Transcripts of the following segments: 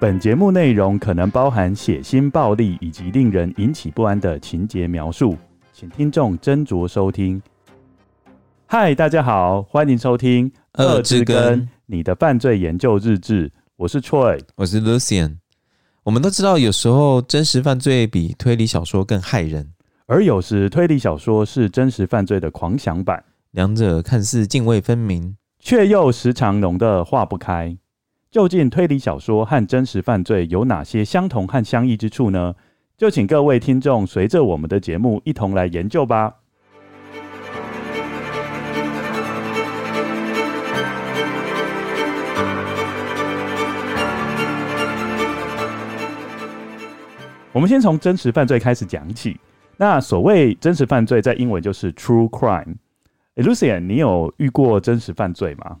本節目內容可能包含血腥、暴力以及令人引起不安的情節描述，請聽眾斟酌收聽。嗨，大家好，歡迎收聽《惡之根：之根你的犯罪研究日誌》。我是 Troy，我是 Lucien。我們都知道，有時候真實犯罪比推理小說更駭人。而有時推理小說是真實犯罪的狂想版，兩者看似涇渭分明，卻又時常濃得化不開。究竟推理小說和真實犯罪有哪些相同和相異之處呢？就請各位聽眾隨着我們的節目一同來研究吧。 我們先從真實犯罪開始講起。那所謂真實犯罪，在英文就是 true crime。欸、Lucien，你有遇過真實犯罪嗎？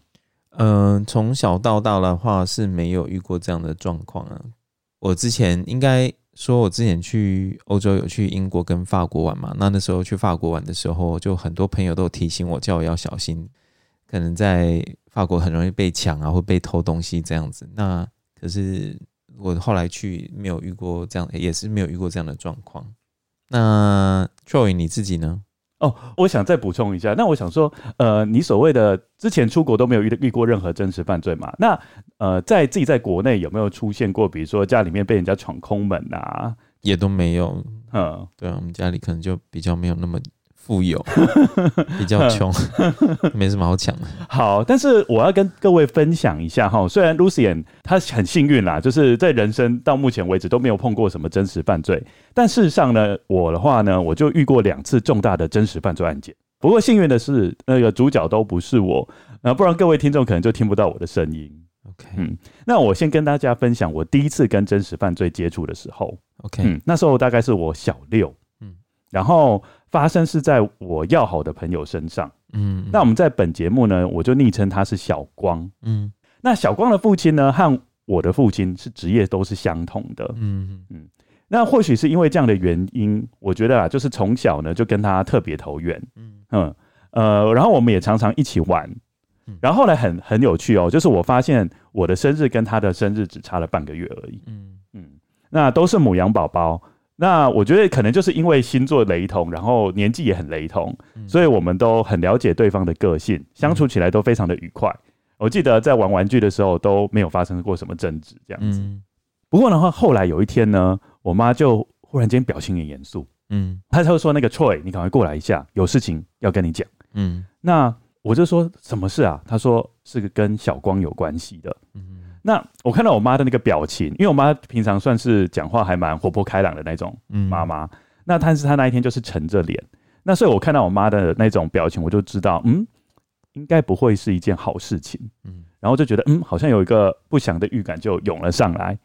嗯、呃，從小到大的話是沒有遇過這樣的狀況啊。我之前應該說，我之前去歐洲有去英國跟法國玩嘛。那那時候去法國玩的時候，就很多朋友都提醒我，叫我要小心，可能在法國很容易被搶啊，或被偷東西這樣子。那可是我後來去沒有遇過這樣，也是沒有遇過這樣的狀況。那 Troy、呃、你自己呢？哦，我想再補充一下，那我想說，呃，你所謂的之前出國都沒有遇遇過任何真實犯罪嘛？那呃，在自己在國內有沒有出現過？比如說家裡面被人家闖空門啊，也都沒有。嗯，對啊，我們家裡可能就比較沒有那麼。富有，比較窮， 沒什麼好講的、啊。好，但是我要跟各位分享一下哈。雖然 Lucien 她很幸運啦,就是在人生到目前為止都沒有碰過什麼真實犯罪。但事實上呢，我的話呢，我就遇過兩次重大的真實犯罪案件。不過幸運的是，那個主角都不是我，那不然各位聽眾可能就聽不到我的聲音。OK，、嗯、那我先跟大家分享我第一次跟真實犯罪接觸的時候。OK，、嗯、那時候大概是我小六。然後發生是在我要好的朋友身上，嗯，嗯，那我們在本節目呢，我就昵稱他是小光，嗯，那小光的父親呢和我的父親是職業都是相同的，嗯嗯，嗯，那或許是因為這樣的原因，我覺得啊，就是從小呢就跟他特別投緣，嗯嗯呃，然後我們也常常一起玩，然後後來很很有趣哦，就是我發現我的生日跟他的生日只差了半個月而已，嗯嗯，那都是母羊寶寶。那我覺得可能就是因為星座雷同，然後年紀也很雷同，所以我們都很了解對方的個性，嗯、相處起來都非常的愉快。我記得在玩玩具的時候都沒有發生過什麼爭執這樣子。嗯、不過的話，後來有一天呢，我媽就忽然間表情很嚴肅，嗯，她就說：“那個 Troy，你趕快過來一下，有事情要跟你講。”嗯，那我就說：“什麼事啊？”她說：“是跟小光有關係的。嗯”嗯。那我看到我媽的那個表情，因為我媽平常算是講話還蠻活潑開朗的那種媽媽，嗯，那但是她那一天就是沉着臉，那所以我看到我媽的那種表情，我就知道，嗯，應該不會是一件好事情，嗯，然後就覺得，嗯，好像有一個不祥的預感就湧了上來，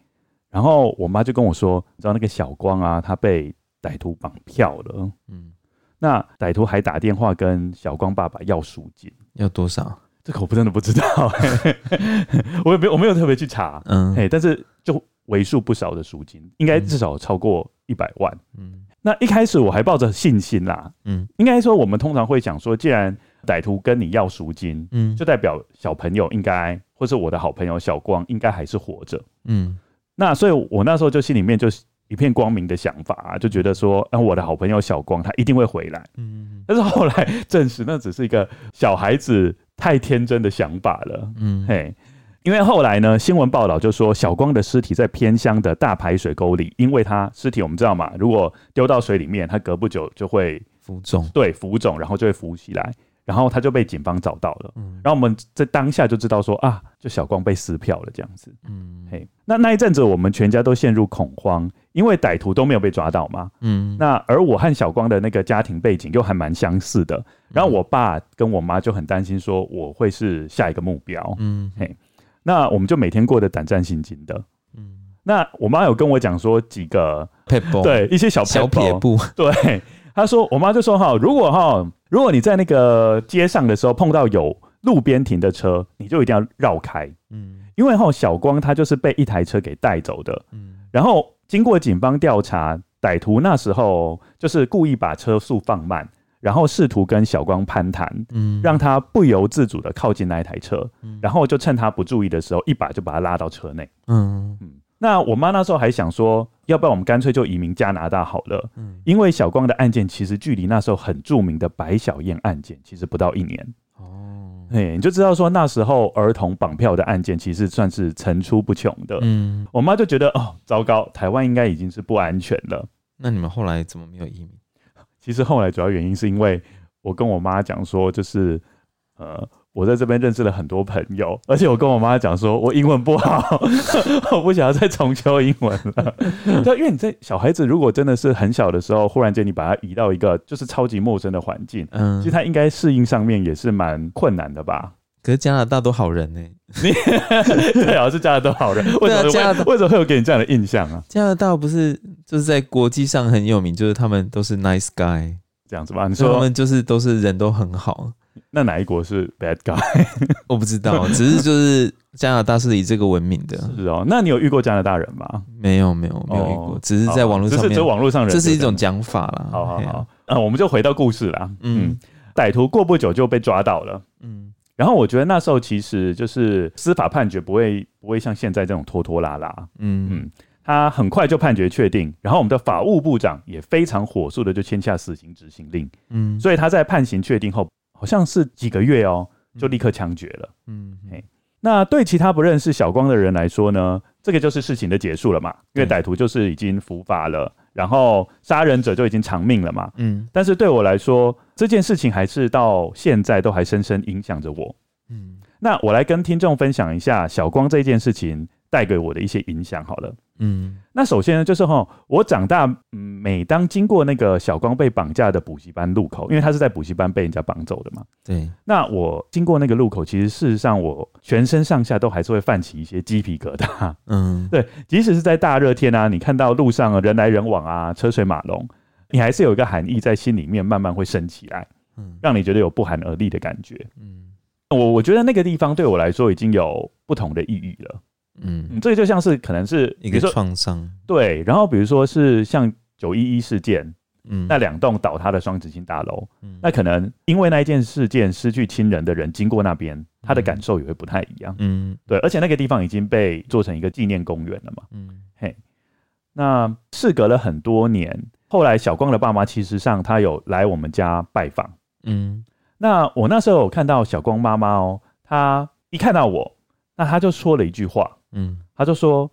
然後我媽就跟我說，知道那個小光啊，他被歹徒綁票了，嗯，那歹徒還打電話跟小光爸爸要贖金，要多少？這個我不真的不知道 我，我也沒我沒有特別去查，uh huh. 但是就為數不少的贖金，應該至少超過一百萬，嗯、那一開始我還抱着信心啦，嗯、應該說我們通常會講說，既然歹徒跟你要贖金，就代表小朋友應該，或是我的好朋友小光應該還是活着，嗯、那所以我那時候就心裡面就一片光明的想法、啊、就覺得說、啊，我的好朋友小光他一定會回來，嗯、但是後來證實那只是一個小孩子。太天真的想法了，嗯嘿，因為後來呢，新聞報道就說小光的屍體在偏鄉的大排水溝裡，因為他屍體我們知道嘛，如果丟到水裡面，他隔不久就會浮腫，對，浮腫，然後就會浮起來。然後他就被警方找到了，嗯、然後我們在當下就知道說啊，就小光被撕票了這樣子，嗯，嘿，那那一陣子我們全家都陷入恐慌，因為歹徒都沒有被抓到嘛，嗯，那而我和小光的那個家庭背景又還蠻相似的，然後我爸跟我媽就很擔心說我會是下一個目標，嗯，嘿，那我們就每天過得膽戰心驚的，嗯，那我媽有跟我講說幾個撇步，對，一些小撇小撇步，對，他說我媽就說哈、哦，如果哈、哦。如果你在那個街上的時候碰到有路邊停的車，你就一定要繞開，嗯，因為後小光他就是被一台車給帶走的，嗯，然後經過警方調查，歹徒那時候就是故意把車速放慢，然後試圖跟小光攀談，嗯，讓他不由自主的靠近那一台車，嗯、然後就趁他不注意的時候，一把就把他拉到車內，嗯。嗯那我媽那時候還想說，要不要我們乾脆就移民加拿大好了，嗯，因為小光的案件其實距離那時候很著名的白小燕案件其實不到一年，哦嘿，你就知道說那時候兒童綁票的案件其實算是層出不窮的，嗯，我媽就覺得哦，糟糕，台灣應該已經是不安全了。那你們後來怎麼沒有移民？其實後來主要原因是因為我跟我媽講說，就是，呃……我在這邊認識了很多朋友，而且我跟我媽講說，我英文不好， 我不想要再重修英文了。 因為你在小孩子如果真的是很小的時候，忽然間你把他移到一個就是超級陌生的環境，嗯，其實他應該適應上面也是蠻困難的吧？可是加拿大都好人呢、欸？ 對啊，是加拿大都好人。為什麼？對啊、加拿大為，為什麼會有給你這樣的印象啊？加拿大不是就是在國際上很有名，就是他們都是 nice guy 這樣子吧？你說，所以他們就是都是人都很好。那哪一國是 bad guy？ 我不知道，只是就是加拿大是以這個聞名的， 是哦。那你有遇過加拿大人嗎？沒有，沒有，沒有遇過，哦、只是在網絡，只是網絡上人這，這是一種講法啦。好好好，啊、嗯，我們就回到故事啦。嗯，歹徒過不久就被抓到了。嗯，然後我覺得那時候其實就是司法判決不會不會像現在這種拖拖拉拉。嗯嗯，他很快就判決確定，然後我們的法務部長也非常火速的就簽下死刑執行令。嗯，所以他在判刑確定後。好像是幾個月哦，就立刻槍決了。嗯，那對其他不認識小光的人來說呢，這個就是事情的結束了嘛，因為歹徒就是已經伏法了，嗯、然後殺人者就已經償命了嘛。嗯，但是對我來說，這件事情還是到現在都還深深影響着我。嗯，那我來跟聽眾分享一下小光這件事情。帶給我的一些影響好了，嗯，那首先呢，就是吼，我長大，每當經過那個小光被綁架的補習班路口，因為他是在補習班被人家綁走的嘛，對。那我經過那個路口，其實事實上我全身上下都還是會泛起一些雞皮疙瘩，嗯，對。即使是在大熱天啊，你看到路上啊人來人往啊，車水馬龍，你還是有一個寒意在心裡面慢慢會升起來，嗯，讓你覺得有不寒而慄的感覺，嗯。我我覺得那個地方對我來說已經有不同的意義了。嗯，這個、就像是可能是，一個創傷，對。然後，比如說是像九一一事件，嗯，那兩棟倒塌的雙子星大樓，嗯，那可能因為那一件事件失去親人的人經過那邊，嗯、他的感受也會不太一樣，嗯，對。而且那個地方已經被做成一個紀念公園了嘛，嗯，嘿。那事隔了很多年，後來小光的爸媽其實上他有來我們家拜訪，嗯，那我那時候有看到小光媽媽哦，他一看到我，那他就說了一句話。嗯，他就說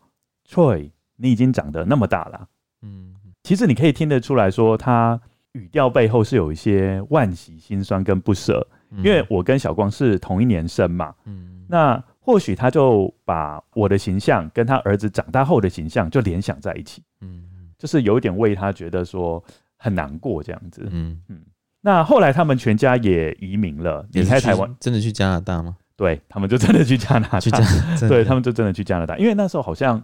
，Troy，你已經長得那麼大了，嗯，其實你可以聽得出來說，他語調背後是有一些惋惜、心酸跟不捨，嗯，因為我跟小光是同一年生嘛，嗯，那或許他就把我的形象跟他兒子長大後的形象就聯想在一起，嗯，嗯，就是有一點為他覺得說很難過這樣子，嗯，嗯，那後來他們全家也移民了，離開台灣，真的去加拿大嗎？對，他們就真的去加拿大，對他們就真的去加拿大，因為那時候好像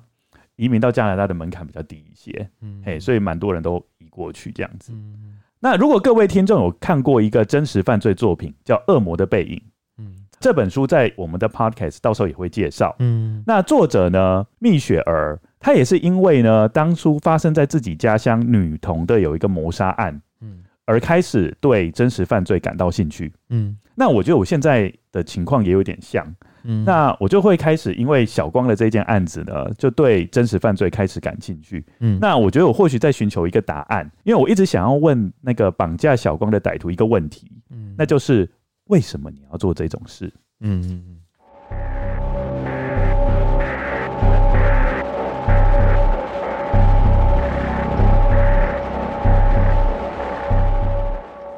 移民到加拿大的門檻比較低一些，嗯，所以蠻多人都移過去這樣子。嗯，那如果各位聽眾有看過一個真實犯罪作品叫《惡魔的背影》，嗯，這本書在我們的 podcast 到時候也會介紹。嗯，那作者呢，蜜雪兒，她也是因為呢當初發生在自己家鄉女童的有一個謀殺案，嗯，而開始對真實犯罪感到興趣。嗯。那我覺得我現在的情況也有點像，嗯、那我就會開始，因為小光的這件案子呢，就對真實犯罪開始感興趣。嗯、那我覺得我或許在尋求一個答案，因為我一直想要問那個綁架小光的歹徒一個問題，嗯、那就是為什麼你要做這種事？嗯，嗯，嗯。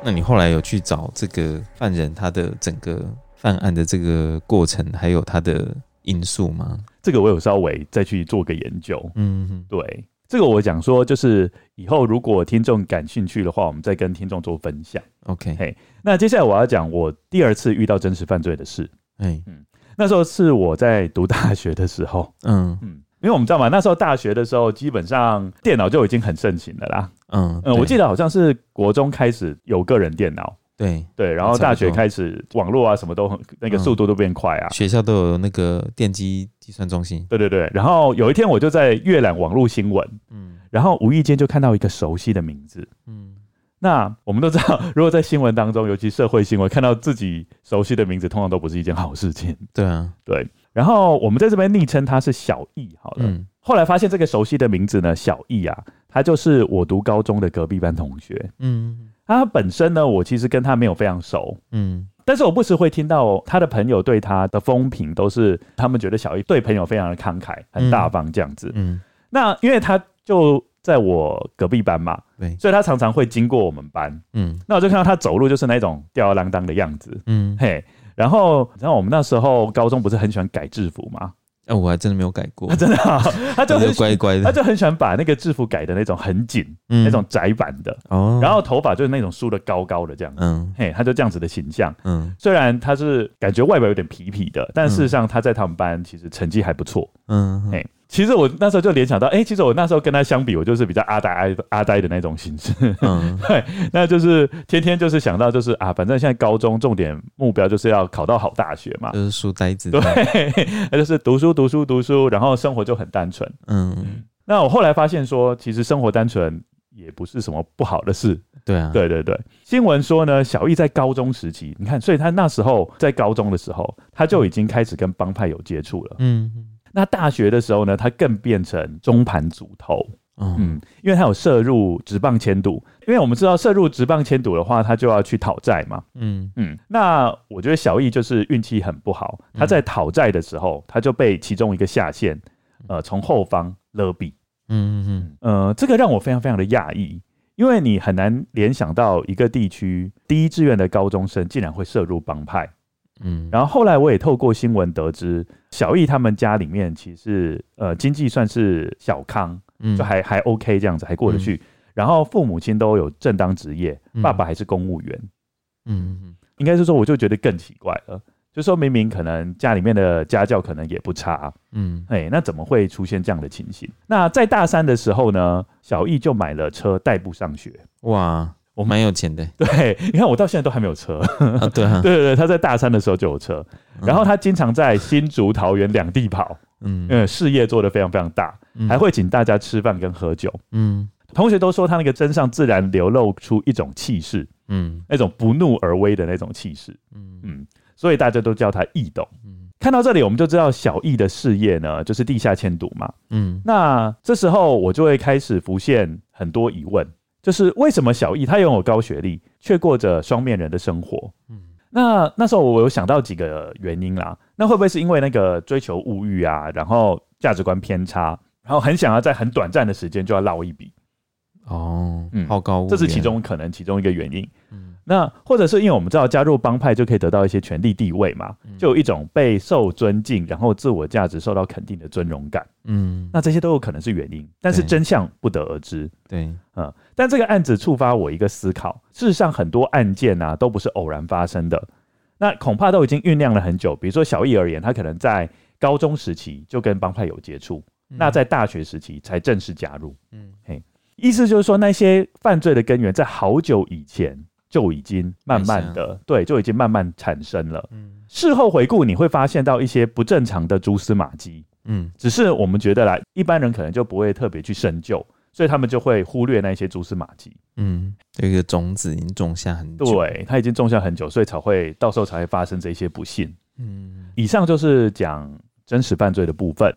那你後來有去找這個犯人，他的整個犯案的這個過程，還有他的因素嗎？這個我有稍微再去做個研究，嗯哼，對，這個我講說，就是以後如果聽眾感興趣的話，我們再跟聽眾做分享。OK，hey, 那接下來我要講我第二次遇到真實犯罪的事。欸、嗯，那時候是我在讀大學的時候，嗯嗯。嗯因為我們知道嘛，那時候大學的時候，基本上電腦就已經很盛行的啦。嗯嗯，我記得好像是國中開始有個人電腦，對對，然後大學開始網絡啊什麼都很那個速度都變快啊，嗯、學校都有那個電機計算中心。對對對，然後有一天我就在閱覽網絡新聞，嗯，然後無意間就看到一個熟悉的名字，嗯，那我們都知道，如果在新聞當中，尤其社會新聞，看到自己熟悉的名字，通常都不是一件好事情。對啊，對。然後我們在這邊昵稱他是小易，好了、嗯。後來發現這個熟悉的名字呢，小易啊，他就是我讀高中的隔壁班同學。嗯，他本身呢，我其實跟他沒有非常熟。嗯，但是我不時會聽到他的朋友對他的風評都是，他們覺得小易對朋友非常的慷慨，很大方這樣子。嗯，嗯，那因為他就在我隔壁班嘛，對所以他常常會經過我們班。嗯，那我就看到他走路就是那種吊兒郎當的樣子。嗯，嘿。然後，你知道我們那時候高中不是很喜歡改制服嘛？哎、啊，我還真的沒有改過，啊、真的，他就很 他就乖乖，他就很喜歡把那個制服改的那種很緊，嗯、那種窄版的。哦、然後頭髮就是那種梳的高高的這樣子，嗯，嘿，他就這樣子的形象。嗯，雖然他是感覺外表有點痞痞的，但事實上他在他們班其實成績還不錯。嗯，嗯嗯嘿。其實我那時候就聯想到，哎、欸，其實我那時候跟他相比，我就是比較阿呆阿阿呆的那種心智，嗯 對，那就是天天就是想到就是啊，反正現在高中重點目標就是要考到好大學嘛，就是書呆子，對，那就是讀書讀書讀書，然後生活就很單純，嗯，那我後來發現說，其實生活單純也不是什麼不好的事，對啊，對對對，新聞說呢，小易在高中時期，你看，所以他那時候在高中的時候，他就已經開始跟幫派有接觸了，嗯。那大學的時候呢，他更變成中盤組頭、哦、嗯，因為他有涉入職棒簽賭，因為我們知道涉入職棒簽賭的話，他就要去討債嘛，嗯嗯。那我覺得小易就是運氣很不好，他在討債的時候，嗯、他就被其中一個下線，呃，從後方勒斃，嗯嗯哼，呃，這個讓我非常非常的訝異，因為你很難聯想到一個地區第一志願的高中生竟然會涉入幫派。嗯，然後後來我也透過新聞得知，小易他們家裡面其實呃經濟算是小康，就還、嗯、還 OK 這樣子，嗯、還過得去。然後父母親都有正當職業，嗯、爸爸還是公務員，嗯，嗯嗯嗯應該是說我就覺得更奇怪了，就說明明可能家裡面的家教可能也不差，嗯，哎、欸，那怎麼會出現這樣的情形？那在大三的時候呢，小易就買了車代步上學，哇。我蠻有錢的，對，你看我到現在都還沒有車，對對對，他在大三的時候就有車，然後他經常在新竹、桃園兩地跑，嗯，事業做得非常非常大，還會請大家吃飯跟喝酒，嗯，同學都說他那個身上自然流露出一種氣勢，嗯，那種不怒而威的那種氣勢，嗯嗯，所以大家都叫他易董。嗯，看到這裡我們就知道小易的事業呢就是地下簽賭嘛，嗯，那這時候我就會開始浮現很多疑問。就是為什麼小易他擁有高學歷，卻過着雙面人的生活？嗯，那那時候我有想到幾個原因啦。那會不會是因為那個追求物欲啊，然後價值觀偏差，然後很想要在很短暫的時間就要撈一筆？哦，嗯，好高騖遠，這是其中可能其中一個原因。嗯那或者是因為我們知道加入幫派就可以得到一些權力地位嘛，就有一種備受尊敬，然後自我價值受到肯定的尊榮感。嗯，那這些都有可能是原因，但是真相不得而知。對，對嗯。但這個案子觸發我一個思考，事實上很多案件啊都不是偶然發生的，那恐怕都已經醞釀了很久。比如說小易而言，他可能在高中時期就跟幫派有接觸，嗯、那在大學時期才正式加入。嗯，嘿，意思就是說那些犯罪的根源在好久以前。就已經慢慢的，太像。對，就已經慢慢產生了。嗯，事後回顧你會發現到一些不正常的蛛絲馬跡。嗯，只是我們覺得來一般人可能就不會特別去深究，所以他們就會忽略那些蛛絲馬跡。嗯，這個種子已經種下很久。對，它已經種下很久，所以才會到時候才會發生這些不幸。嗯，以上就是講真實犯罪的部分。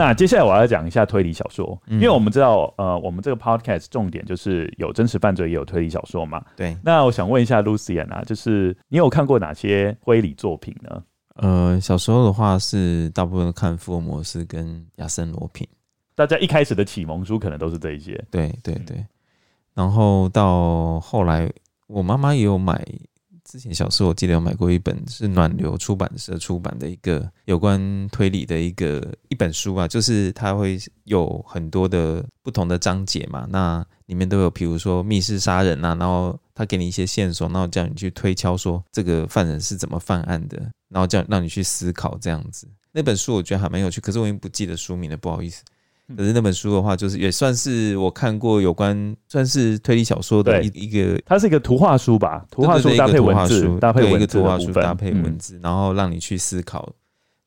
那接下來我要講一下推理小說，因為我們知道，嗯、呃，我們這個 podcast 重點就是有真實犯罪，也有推理小說嘛。對，那我想問一下 Lucien 呢、啊，就是你有看過哪些推理作品呢？呃，小時候的話是大部分都看福爾摩斯跟亞森羅蘋，大家一開始的啟蒙書可能都是這一些。對對對，然後到後來，我媽媽也有買。之前小時候我記得有買過一本是暖流出版社出版的一個有關推理的一個一本書吧。啊，就是它會有很多的不同的章節嘛，那裡面都有，比如說密室殺人啊，然後它給你一些線索，然後叫你去推敲說這個犯人是怎麼犯案的，然後叫讓你去思考這樣子。那本書我覺得還蠻有趣，可是我已經不記得書名了，不好意思。可是那本書的話，就是也算是我看過有關算是推理小說的一一個，它是一個圖畫書吧？圖畫書搭配文字，搭配一個圖畫書搭配文字，嗯，然後讓你去思考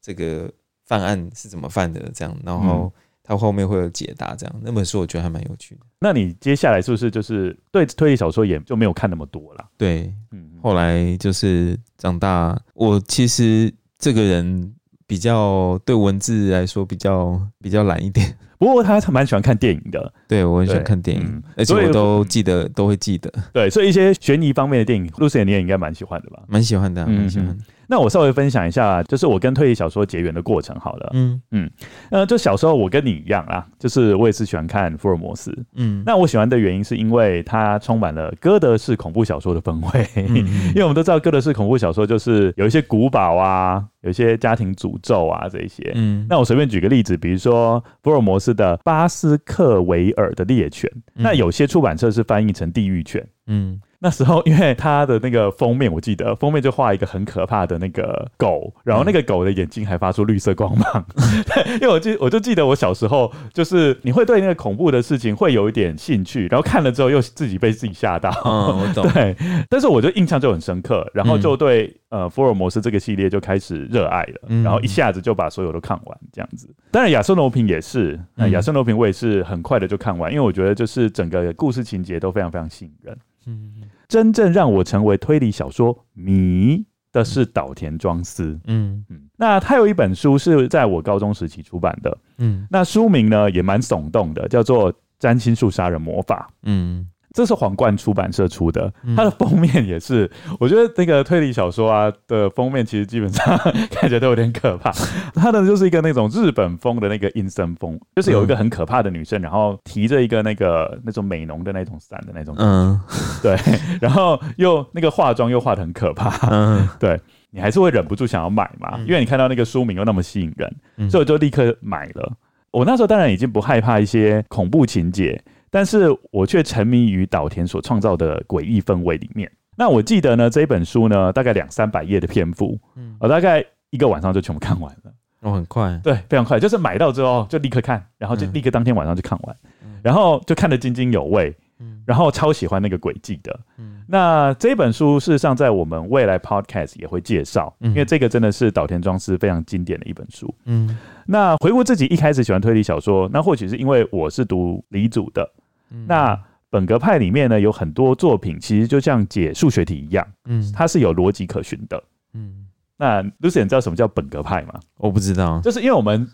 這個犯案是怎麼犯的，這樣，然後它後面會有解答，這樣。那本書我覺得還蠻有趣的。那你接下來是不是就是對推理小說也就沒有看那麼多了？對，後來就是長大，我其實這個人比較對文字來說比較比較懶一點。不過他還蠻喜歡看電影的，對我很喜歡看電影，嗯、而且我都記得，以都會記得。對，所以一些懸疑方面的電影，Lucien 你也應該蠻喜歡的吧？蠻喜歡的，啊，蠻喜歡的。嗯那我稍微分享一下啊，就是我跟推理小說結緣的過程好了。嗯嗯，呃，就小時候我跟你一樣啊，就是我也是喜歡看福爾摩斯。嗯，那我喜歡的原因是因為它充滿了哥德式恐怖小說的氛圍。嗯嗯，因為我們都知道哥德式恐怖小說就是有一些古堡啊，有一些家庭詛咒啊這些。嗯，那我隨便舉個例子，比如說福爾摩斯的巴斯克維爾的獵犬，那有些出版社是翻譯成地獄犬。嗯。嗯那時候，因為他的那個封面，我記得封面就畫一個很可怕的那個狗，然後那個狗的眼睛還發出綠色光芒、嗯 對。因為我記，我就記得我小時候就是你會對那個恐怖的事情會有一點興趣，然後看了之後又自己被自己嚇到。嗯、我懂、對，但是我就印象就很深刻，然後就對、嗯、呃福爾摩斯這個系列就開始熱愛了，嗯嗯然後一下子就把所有都看完這樣子。當然，亞森·羅蘋也是，亞、啊、森·羅、嗯、蘋我也是很快的就看完，因為我覺得就是整個故事情節都非常非常吸引人。嗯，嗯。真正讓我成為推理小說迷的是島田莊司，嗯嗯，那他有一本書是在我高中時期出版的，嗯，那書名呢也蠻聳動的，叫做《占星術殺人魔法》，嗯。這是皇冠出版社出的，它的封面也是。嗯、我覺得那個推理小說啊的封面，其實基本上看起來都有點可怕。它的就是一個那種日本風的那個陰森風，就是有一個很可怕的女生，嗯、然後提着一個那個那種美濃的那種傘的那種。嗯、對。然後又那個化妝又化得很可怕。嗯、對。你還是會忍不住想要買嘛，因為你看到那個書名又那麼吸引人，嗯、所以我就立刻買了。我那時候當然已經不害怕一些恐怖情節。但是我卻沉迷於島田所創造的詭異氛圍裡面。那我記得呢，這一本書呢，大概兩三百頁的篇幅，嗯，我、哦、大概一個晚上就全部看完了。哦，很快，對，非常快。就是買到之後就立刻看，然後就立刻當天晚上就看完，嗯、然後就看得津津有味，嗯，然後超喜歡那個詭計的。嗯、那這本書事實上在我們未來 podcast 也會介紹，嗯、因為這個真的是島田莊司非常經典的一本書，嗯。那回顧自己一開始喜歡推理小說，那或許是因為我是讀理組的。那本格派裡面呢，有很多作品，其實就像解數學題一樣，嗯，它是有邏輯可循的，嗯。那 Lucien 知道什麼叫本格派嗎？我不知道、啊，就是因為我們，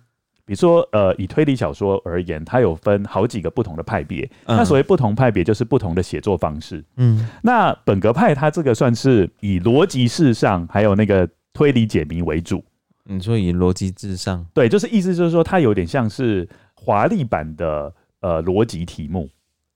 比如說，呃，以推理小說而言，它有分好幾個不同的派別，嗯、那所謂不同派別就是不同的寫作方式，嗯。那本格派它這個算是以邏輯至上，還有那個推理解謎為主。你說、嗯、以邏輯至上？對，就是意思就是說，它有點像是華麗版的呃邏輯題目。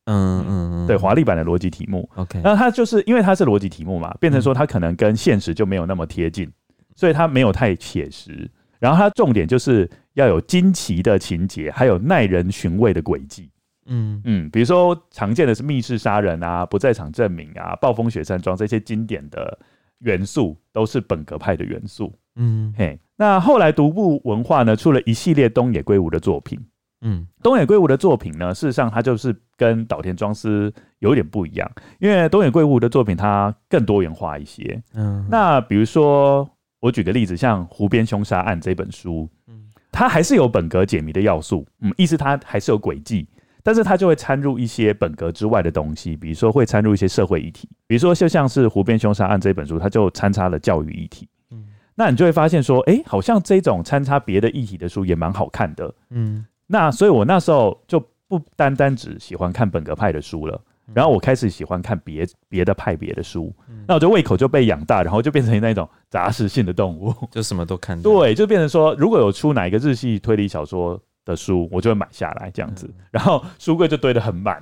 嗯嗯嗯，嗯對，華麗、嗯、版的邏輯題目，OK，那它就是因為它是邏輯題目嘛，變成說它可能跟現實就沒有那麼貼近，嗯、所以它沒有太寫實。然後它重點就是要有驚奇的情節，還有耐人尋味的軌跡。嗯嗯，比如說常見的是密室殺人啊、不在場證明啊、暴風雪山莊這些經典的元素，都是本格派的元素。嗯嘿，那後來獨步文化呢，出了一系列東野圭吾的作品。嗯，東野圭吾的作品呢，事實上它就是跟島田莊司有點不一樣，因為東野圭吾的作品它更多元化一些。嗯，那比如說我舉個例子，像《湖邊凶殺案》這本書，嗯，它還是有本格解謎的要素，嗯，意思它還是有詭計，但是它就會摻入一些本格之外的東西，比如說會摻入一些社會議題，比如說就像是《湖邊凶殺案》這本書，它就摻插了教育議題。嗯，那你就會發現說，哎、欸，好像這種摻插別的議題的書也蠻好看的。嗯。那所以，我那時候就不單單只喜歡看本格派的書了，嗯、然後我開始喜歡看別別的派別的書，嗯、那我就胃口就被養大，然後就變成那種雜食性的動物，就什麼都看。對，就變成說，如果有出哪一個日系推理小說的書，我就會買下來這樣子，嗯、然後書櫃就堆得很滿。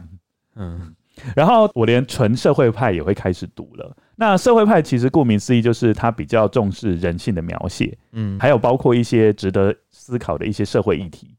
嗯，然後我連純社會派也會開始讀了。那社會派其實顧名思義，就是他比較重視人性的描寫，嗯，還有包括一些值得思考的一些社會議題。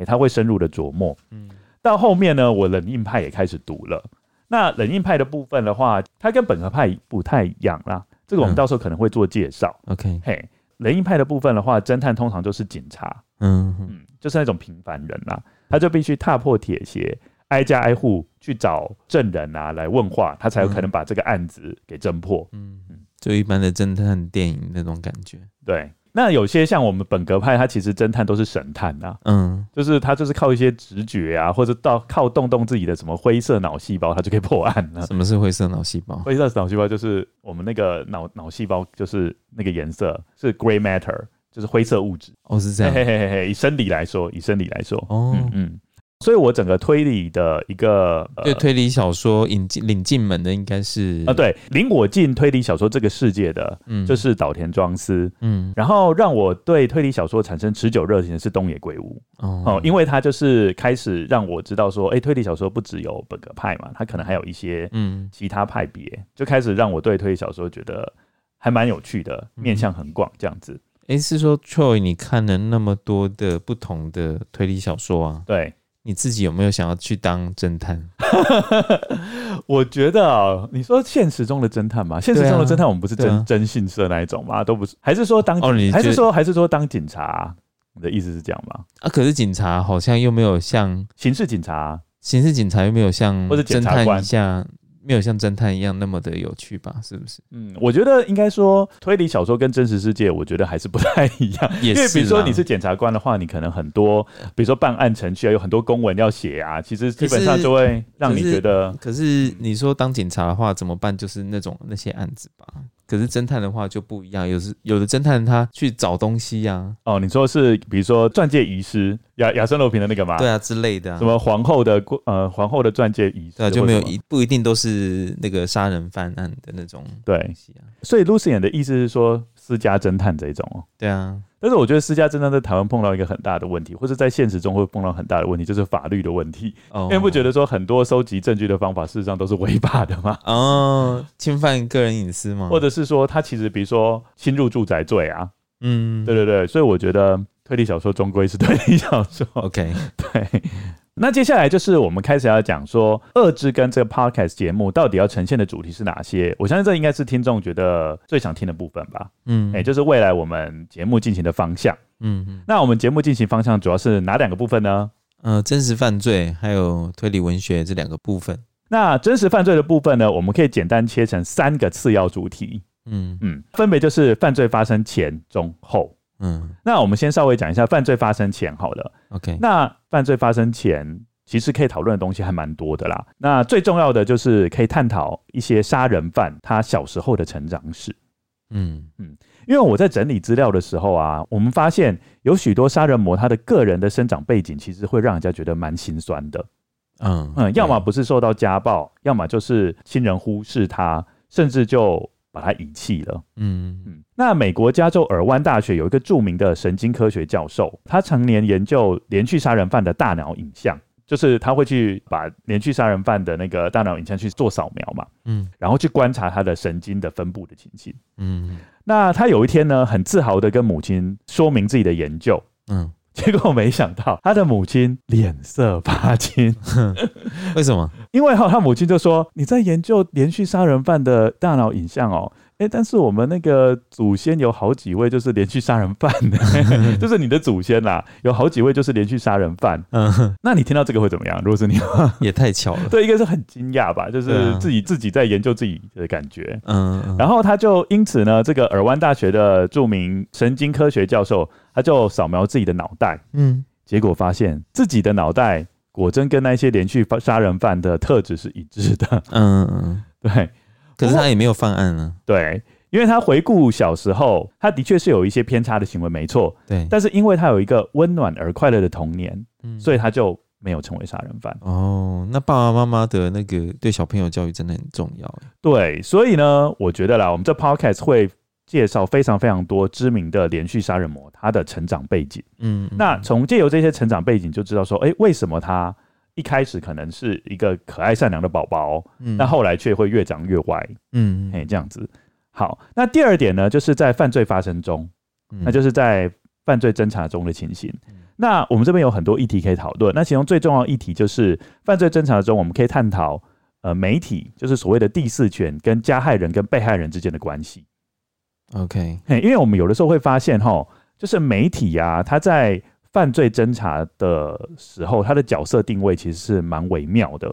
欸、他會深入的琢磨，嗯，到後面呢，我冷硬派也開始讀了。那冷硬派的部分的話，它跟本格派不太一樣啦。這個我們到時候可能會做介紹。OK，、嗯、嘿，冷硬派的部分的話，偵探通常就是警察，嗯嗯，就是那種平凡人啊，他就必須踏破鐵鞋，挨家挨戶去找證人啊來問話，他才有可能把這個案子給偵破。嗯，嗯就一般的偵探電影那種感覺，嗯、對。那有些像我們本格派，他其實偵探都是神探吶、啊，嗯，就是他就是靠一些直覺啊，或者到靠動動自己的什麼灰色腦細胞，他就可以破案了。什麼是灰色腦細胞？灰色腦細胞就是我們那個腦腦細胞，就是那個顏色是 grey matter，就是灰色物質。哦，是這樣嘿嘿嘿。以生理來說，以生理來說，哦嗯，嗯。所以，我整個推理的一個、呃、對推理小說引進、領進門的應該是啊，對，領我進推理小說這個世界的、嗯、就是島田莊司，嗯，然後讓我對推理小說產生持久熱情的是東野圭吾，哦、嗯嗯，因為他就是開始讓我知道說，哎、欸，推理小說不只有本格派嘛，他可能還有一些嗯其他派別，嗯、就開始讓我對推理小說覺得還蠻有趣的，面向很廣這樣子。哎、嗯欸，是說，Troy，你看了那麼多的不同的推理小說啊？對。你自己有沒有想要去當偵探？ 我覺得啊、哦，你說現實中的偵探嘛，現實中的偵探我們不是真、啊、徵信社那一種嘛，都不是，還是說當？哦，你還是說還是說當警察、啊？你的意思是這樣嗎？啊，可是警察好像又沒有像刑事警察、啊，刑事警察又沒有像或者檢察官像。沒有像偵探一樣那麼的有趣吧？是不是？嗯，我覺得應該說推理小說跟真實世界，我覺得還是不太一樣。因為比如說你是檢察官的話，你可能很多，比如說辦案程序啊，有很多公文要寫啊，其實基本上就會讓你覺得。可是，可是你說當警察的話怎麼辦？就是那種那些案子吧。可是偵探的話就不一樣，有時有的偵探他去找東西呀、啊。哦，你說是，比如說鑽戒遺失，亞亞森羅蘋的那個嗎？對啊，之類的、啊，什麼皇後的呃皇後的鑽戒遺失，就沒有一不一定都是那個殺人犯案的那種東西、啊，對。所以 Lucien 的意思是說，私家偵探這一種哦。對啊。但是我覺得私家偵探在台灣碰到一個很大的問題，或是在現實中會碰到很大的問題，就是法律的問題。Oh. 因為不覺得說很多收集證據的方法事實上都是違法的嗎？哦，oh, 侵犯個人隱私嗎？或者是說他其實比如說侵入住宅罪啊？嗯，對對對。所以我覺得推理小說終歸是推理小說。OK，對。那接下來就是我們開始要講說，惡之根跟這個 Podcast 節目到底要呈現的主題是哪些？我相信這應該是聽眾覺得最想聽的部分吧。嗯，也、欸、就是未來我們節目進行的方向。嗯嗯，那我們節目進行方向主要是哪兩個部分呢？呃，真實犯罪還有推理文學這兩個部分。那真實犯罪的部分呢，我們可以簡單切成三個次要主題。嗯嗯，分別就是犯罪發生前、中、後。嗯，那我們先稍微講一下犯罪發生前好了。OK，那犯罪發生前其實可以討論的東西還蠻多的啦。那最重要的就是可以探討一些殺人犯他小時候的成長史。嗯嗯，因為我在整理資料的時候啊，我們發現有許多殺人魔他的個人的生長背景，其實會讓人家覺得蠻心酸的。嗯嗯，嗯、對，要麼不是受到家暴，要麼就是親人忽視他，甚至就。把它遺棄了。嗯嗯，那美國加州爾灣大學有一個著名的神經科學教授，他常年研究連續殺人犯的大腦影像，就是他會去把連續殺人犯的那個大腦影像去做掃描嘛，嗯，然後去觀察他的神經的分布的情形。嗯，那他有一天呢，很自豪地跟母親說明自己的研究，嗯。結果我沒想到，他的母親臉色發青。 為什麼？因為哈、哦，他母親就說：“你在研究連續殺人犯的大腦影像哦。”誒，但是我們那個祖先有好幾位就是連續殺人犯的， 就是你的祖先啦，有好幾位就是連續殺人犯。嗯， 那你聽到這個會怎麼樣？如果是你， 也太巧了。對，一個是很驚訝吧，就是自己自己在研究自己的感覺。嗯，然後他就因此呢，這個爾灣大學的著名神經科學教授，他就掃描自己的腦袋，嗯，結果發現自己的腦袋果真跟那些連續殺人犯的特質是一致的。嗯，對。可是他也沒有犯案啊！對，因為他回顧小時候，他的確是有一些偏差的行為，沒錯。對，但是因為他有一個溫暖而快樂的童年，嗯、所以他就沒有成為殺人犯。哦，那爸爸媽媽的那個對小朋友教育真的很重要。對，所以呢，我覺得啦，我們這 podcast 會介紹非常非常多知名的連續殺人魔，他的成長背景。嗯，嗯，那從借由這些成長背景，就知道說，哎、欸，為什麼他？一開始可能是一個可愛善良的寶寶，嗯，但後來卻會越長越歪，嗯哼，誒，這樣子。好，那第二點呢，就是在犯罪發生中，嗯、那就是在犯罪偵查中的情形。嗯、那我們這邊有很多議題可以討論。那其中最重要議題就是犯罪偵查中，我們可以探討呃，媒體就是所謂的第四權跟加害人跟被害人之間的關係。OK，因為我們有的時候會發現哈，就是媒體呀、啊，它在。犯罪偵查的時候，他的角色定位其實是蠻微妙的。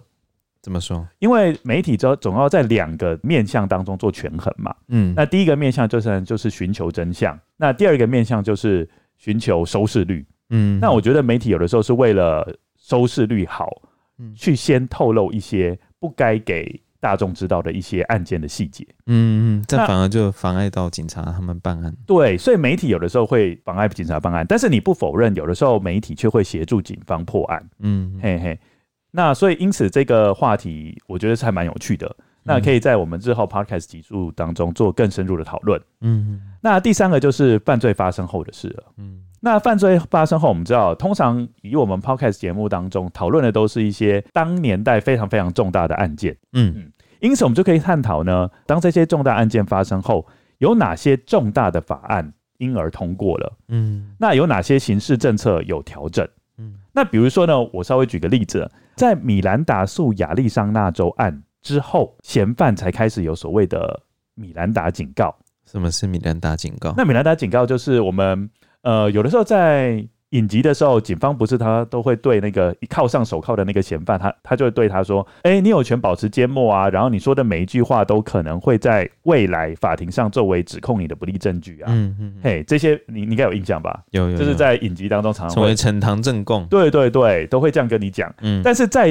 怎麼說？因為媒體總要在兩個面向當中做權衡嘛。嗯，那第一個面向就是就是尋求真相，那第二個面向就是尋求收視率。嗯，那我覺得媒體有的時候是為了收視率好，嗯，去先透露一些不該給大眾知道的一些案件的細節，嗯，這反而就妨礙到警察他們辦案。對，所以媒體有的時候會妨礙警察辦案，但是你不否認，有的時候媒體卻會協助警方破案。嗯，嘿嘿。那所以因此這個話題，我覺得是還蠻有趣的。嗯、那可以在我們日後 podcast 集數當中做更深入的討論。嗯，那第三個就是犯罪發生後的事了。嗯。那犯罪發生後，我們知道通常以我們 Podcast 節目當中討論的都是一些當年代非常非常重大的案件，嗯，因此我們就可以探討呢，當這些重大案件發生後，有哪些重大的法案因而通過了，嗯，那有哪些刑事政策有調整，嗯，那比如說呢，我稍微舉個例子，在米蘭達訴亞利桑那州案之後，嫌犯才開始有所謂的米蘭達警告。什麼是米蘭達警告？那米蘭達警告就是我們。呃，有的時候在影集的時候，警方不是他都會對那個一銬上手銬的那個嫌犯，他他就會對他說：“哎、欸，你有權保持緘默啊，然後你說的每一句話都可能會在未來法庭上作為指控你的不利證據啊。嗯哼哼”嗯嗯，嘿，這些你應該有印象吧？有，有，有，就是在影集當中常，常成為呈堂證供。對對對，都會這樣跟你講。嗯，但是在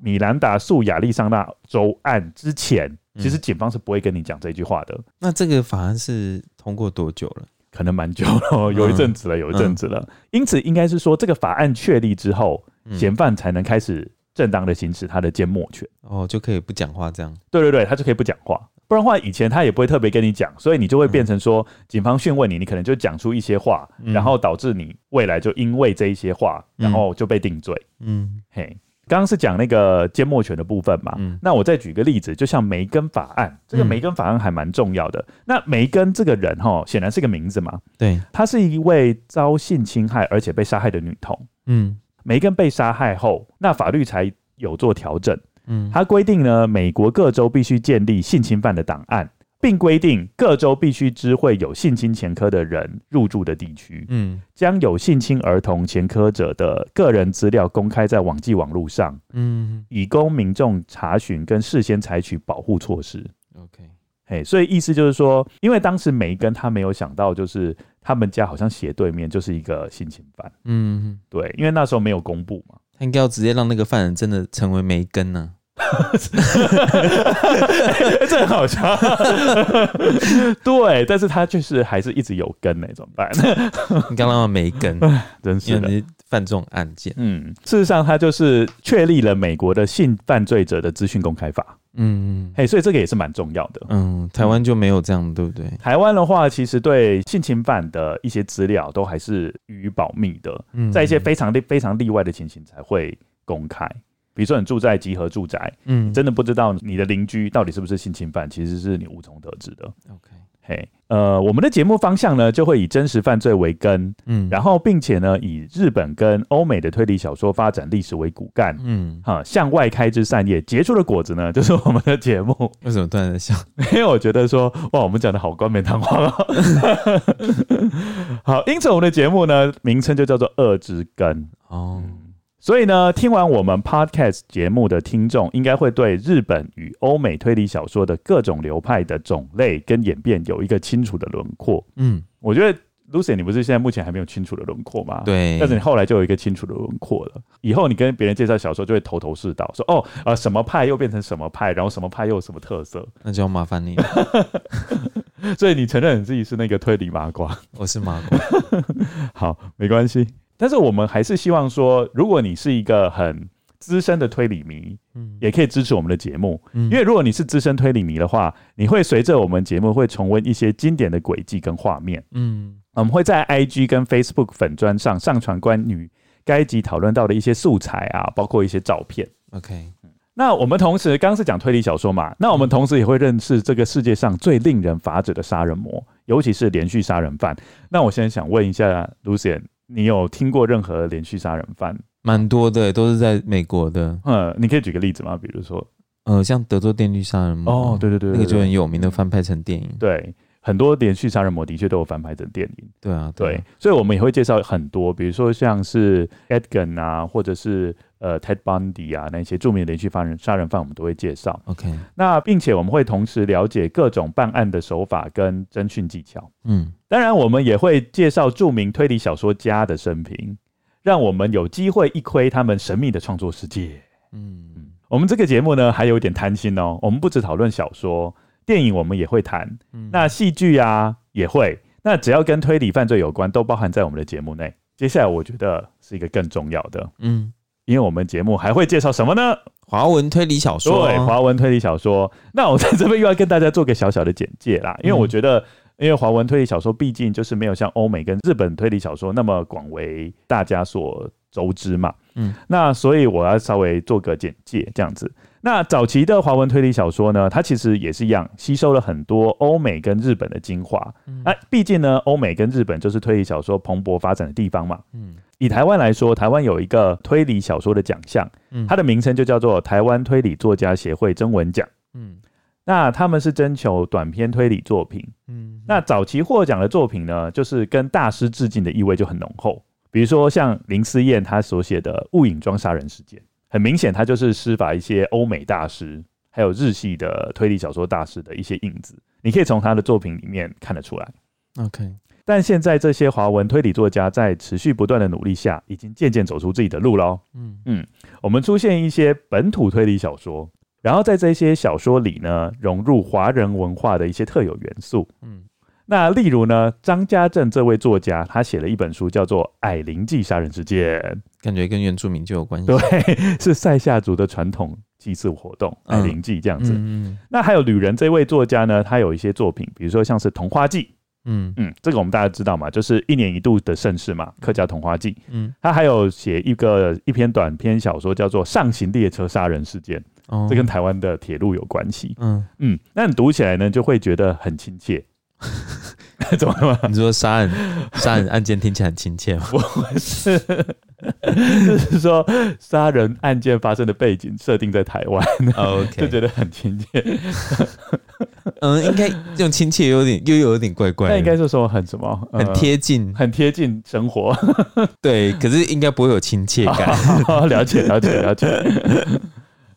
米蘭達訴亞利桑那州案之前，其實警方是不會跟你講這句話的、嗯。那這個法案是通過多久了？可能蠻久了，有一陣子了，嗯嗯、有一陣子了。因此，應該是說，這個法案確立之後，嗯、嫌犯才能開始正當的行使他的緘默權，哦，就可以不講話這樣。對對對，他就可以不講話，不然的話以前他也不會特別跟你講，所以你就會變成說、嗯、警方訊問你，你可能就講出一些話，嗯、然後導致你未來就因為這一些話，然後就被定罪。嗯，嗯嘿。剛剛是講那個緘默權的部分嘛，嗯、那我再舉個例子，就像梅根法案，這個梅根法案還蠻重要的。嗯、那梅根這個人哈、哦，顯然是個名字嘛，對，她是一位遭性侵害而且被殺害的女童。嗯，梅根被殺害後，那法律才有做調整。嗯，它規定呢，美國各州必須建立性侵犯的檔案。並規定各州必須知會有性侵前科的人入住的地區，嗯，將有性侵兒童前科者的個人資料公開在網際網路上，嗯哼，以供民眾查詢跟事先採取保護措施。OK，嘿，所以意思就是說，因為當時梅根他沒有想到，就是他們家好像斜對面就是一個性侵犯，嗯哼，對，因為那時候沒有公布嘛，他應該要直接讓那個犯人真的成為梅根呢、啊。哈，這很好笑。 對，但是他就是還是一直有跟呢、欸，怎麼辦呢？你剛 剛 沒跟，真是的。犯這種案件，嗯，事實上他就是確立了美國的性犯罪者的資訊公開法。嗯、欸，所以這個也是蠻重要的。嗯，台灣就沒有這樣，對不對？台灣的話，其實對性侵犯的一些資料都還是予以保密的，嗯，在一些非常非常例外的情形才會公開。比如說，你住在集合住宅，嗯，真的不知道你的鄰居到底是不是性侵犯，其實是你無從得知的。OK，hey, 呃，我們的節目方向呢，就會以真實犯罪為根，嗯，然後並且呢，以日本跟歐美的推理小說發展歷史為骨幹，嗯，哈、啊，向外開枝散葉，結出的果子呢，就是我們的節目。為什麼突然在笑？ 因為我覺得說，哇，我們講的好冠冕堂皇啊、哦。 好，因此我們的節目呢，名稱就叫做《惡之根》哦。Oh. 所以呢，聽完我們 podcast 節目的聽眾，應該會對日本與歐美推理小說的各種流派的種類跟演變有一個清楚的輪廓。嗯，我覺得 Lucien，你不是現在目前還沒有清楚的輪廓嗎？對，但是你後來就有一個清楚的輪廓了。以後你跟別人介紹小說，就會頭頭是道，說哦，啊、呃，什麼派又變成什麼派，然後什麼派又有什麼特色，那就要麻煩你了。 所以你承認你自己是那個推理麻瓜？我是麻瓜。 好，沒關係。但是我們還是希望說，如果你是一個很資深的推理迷，嗯，也可以支持我們的節目，嗯、因為如果你是資深推理迷的話，你會隨着我們節目會重溫一些經典的軌跡跟畫面，嗯，我們、嗯、會在 IG 跟 Facebook 粉專上上傳關於該集討論到的一些素材啊，包括一些照片。OK，那我們同時剛剛是講推理小說嘛，那我們同時也會認識這個世界上最令人髮指的殺人魔，尤其是連續殺人犯。那我現在想問一下 Lucien。Lucien, 你有聽過任何連續殺人犯？蠻多的，都是在美國的。嗯，你可以舉個例子嗎？比如說，呃，像德州電鋸殺人魔。哦，對對對，對，對，對，對，那個就很有名的，翻拍成電影。對，很多連續殺人魔的確都有翻拍成電影。對啊，對，啊對，所以我們也會介紹很多，比如說像是 Ed Gein 啊，或者是。呃，Ted Bundy 啊，那些著名的連續犯人、殺人犯，我們都會介紹。OK，那並且我們會同時了解各種辦案的手法跟偵訊技巧。嗯，當然我們也會介紹著名推理小說家的生平，讓我們有機會一窺他們神秘的創作世界。嗯，嗯，我們這個節目呢，還有點貪心哦，我們不只討論小說、電影，我們也會談。嗯、那戲劇啊，也會。那只要跟推理犯罪有關，都包含在我們的節目內。接下來，我覺得是一個更重要的。嗯。因為我們節目還會介紹什麼呢？華文推理小說，啊。對，華文推理小說。那我在這邊又要跟大家做個小小的簡介啦，因為我覺得，嗯、因為華文推理小說畢竟就是沒有像歐美跟日本推理小說那麼廣為大家所周知嘛。嗯。那所以我要稍微做個簡介，這樣子。那早期的華文推理小說呢，它其實也是一樣，吸收了很多歐美跟日本的精華。哎、嗯、畢、啊、竟呢，歐美跟日本就是推理小說蓬勃發展的地方嘛。嗯。以台灣來說，臺灣有一個推理小說的獎項，嗯、哼它的名稱就叫做“臺灣推理作家協會徵文獎”嗯。那他們是徵求短篇推理作品。嗯、哼那早期獲獎的作品呢，就是跟大師致敬的意味就很濃厚。比如說像林思燕她所寫的《霧影莊殺人事件》，很明顯，他就是師法一些歐美大師，還有日系的推理小說大師的一些影子，你可以從他的作品裡面看得出來。OK。但現在這些華文推理作家在持續不斷的努力下，已經漸漸走出自己的路嘍。嗯嗯，我們出現一些本土推理小說，然後在這些小說裡呢，融入華人文化的一些特有元素。嗯，那例如呢，張家正這位作家，他寫了一本書叫做《矮靈祭殺人事件》，感覺跟原住民就有關係。對，是賽夏族的傳統祭祀活動，矮靈祭這樣子。嗯，嗯，嗯那還有旅人這位作家呢，他有一些作品，比如說像是《童話祭嗯嗯，這個我們大家知道嘛，就是一年一度的盛事嘛，客家桐花祭。嗯，他還有寫一個一篇短篇小說，叫做《上行列車殺人事件》，哦、這跟台灣的鐵路有關係。嗯嗯，那你讀起來呢，就會覺得很親切、嗯嗯，怎麼怎你說殺人殺人案件聽起來很親切不 是，就是說殺人案件發生的背景設定在台灣，哦、okay, okay. 就覺得很親切。呵呵。嗯，應該這種親切有點，又有點怪怪。那應該就是說很什麼？嗯、很貼近，很貼近生活。 對，可是應該不會有親切感。了解，了解，了解。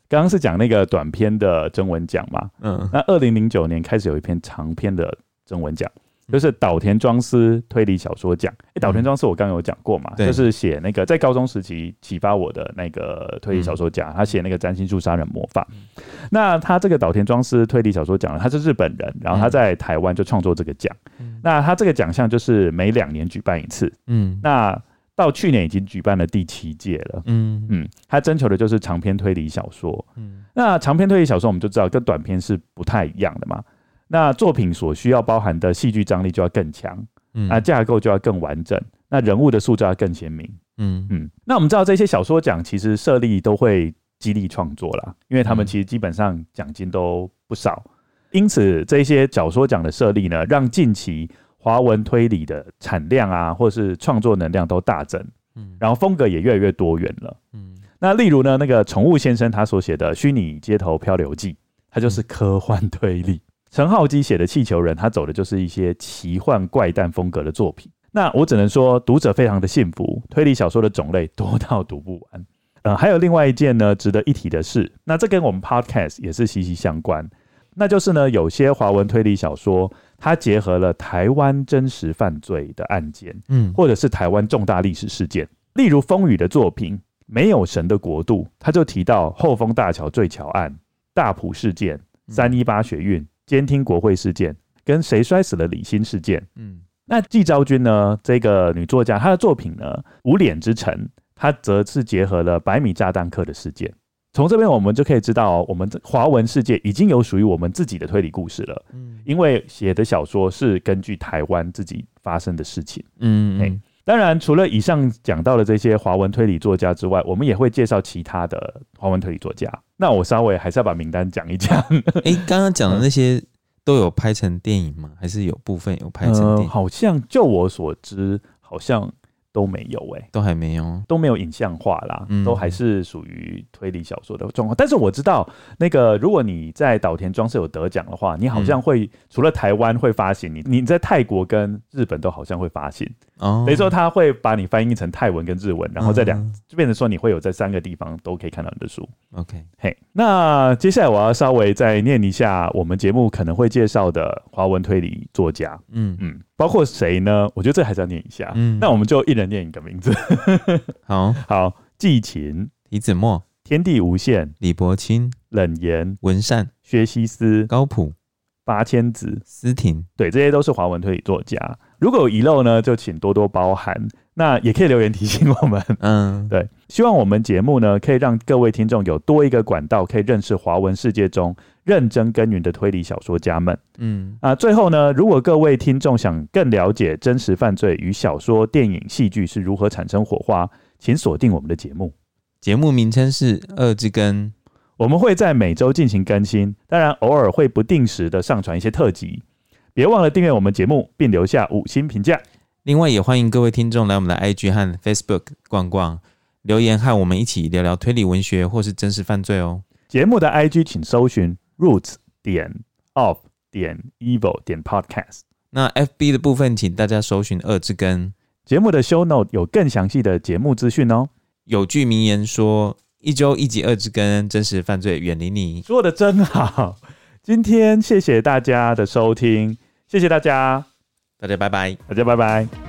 剛 剛是講那個短篇的徵文獎嘛？嗯，那二零零九年開始有一篇長篇的徵文獎。就是島田莊司推理小說獎，哎、欸，島田莊司我剛剛有講過嘛，嗯、就是寫那個在高中時期啟發我的那個推理小說家，嗯、他寫那個《占星術殺人魔法》嗯。那他這個島田莊司推理小說獎，他是日本人，然後他在台灣就創作這個獎。嗯、那他這個獎項就是每兩年舉辦一次，嗯，那到去年已經舉辦了第七屆了，嗯嗯，他徵求的就是長篇推理小說，嗯，那長篇推理小說我們就知道跟短篇是不太一樣的嘛。那作品所需要包含的戲劇張力就要更強，嗯、那架構就要更完整，那人物的塑造要更鮮明，嗯嗯。那我們知道這些小說獎其實設立都會激勵創作啦，因為他們其實基本上獎金都不少，嗯、因此這些小說獎的設立呢，讓近期華文推理的產量啊，或是創作能量都大增，嗯、然後風格也越來越多元了，嗯。那例如呢，那個寵物先生他所寫的《虛擬街頭漂流記》，它就是科幻推理。嗯嗯陳浩基寫的《氣球人》，他走的就是一些奇幻怪誕風格的作品。那我只能說，讀者非常的幸福。推理小說的種類多到讀不完。呃，還有另外一件呢，值得一提的是，那這跟我們 podcast 也是息息相關。那就是呢，有些華文推理小說它結合了台灣真實犯罪的案件，嗯，或者是台灣重大歷史事件，嗯，例如風雨的作品《沒有神的國度》，他就提到後豐大橋墜橋案、大埔事件、三一八學運。嗯監聽國會事件，跟誰摔死了李欣事件。嗯，那紀昭君呢？這個女作家，她的作品呢，《無臉之城》，她則是結合了白米炸彈客的事件。從這邊我們就可以知道哦，我們這華文世界已經有屬於我們自己的推理故事了。嗯，因為寫的小說是根據台灣自己發生的事情。嗯，嗯。當然，除了以上講到的這些華文推理作家之外，我們也會介紹其他的華文推理作家。那我稍微還是要把名單講一講、欸。哎，剛剛講的那些都有拍成電影嗎？嗯、還是有部分有拍成電影、影、呃？好像就我所知，好像都沒有哎、欸，都還沒有，都沒有影像化啦，嗯、都還是屬於推理小說的狀況。但是我知道，那個如果你在島田莊司有得獎的話，你好像會、嗯、除了台灣會發行，你你在泰國跟日本都好像會發行。Oh, 等於說他會把你翻譯成泰文跟日文，然後再兩、oh. 就變成說你會有在三個地方都可以看到你的書。OK，嘿，hey, 那接下來我要稍微再念一下我們節目可能會介紹的華文推理作家。嗯嗯，包括誰呢？我覺得這還是要念一下。嗯，那我們就一人念一個名字。 好好，既晴、李子墨、天地無限、李柏青、冷言、文善、薛西斯、高普。八千子、思婷挺，對，這些都是華文推理作家。如果有遺漏呢，就請多多包涵。那也可以留言提醒我們。嗯，對，希望我們節目呢，可以讓各位聽眾有多一個管道，可以認識華文世界中認真耕耘的推理小說家們。嗯，啊，最後呢，如果各位聽眾想更了解真實犯罪與小說、電影、戲劇是如何產生火花，請鎖定我們的節目。節目名稱是《惡之根》。我們會在每周進行更新，當然偶爾會不定時的上傳一些特輯。別忘了訂閱我們節目，並留下五星評價。另外，也歡迎各位聽眾來我們的 IG 和 Facebook 逛逛，留言和我們一起聊聊推理文學或是真實犯罪哦。節目的 IG 請搜尋 roots 點 of 點 evil 點 podcast。那 FB 的部分，請大家搜尋“惡之根”。節目的 Show Note 有更詳細的節目資訊哦。有句名言說。一周一集，惡之根真實犯罪，遠離你。做得真好。今天謝謝大家的收聽，謝謝大家，大家拜拜，大家拜拜。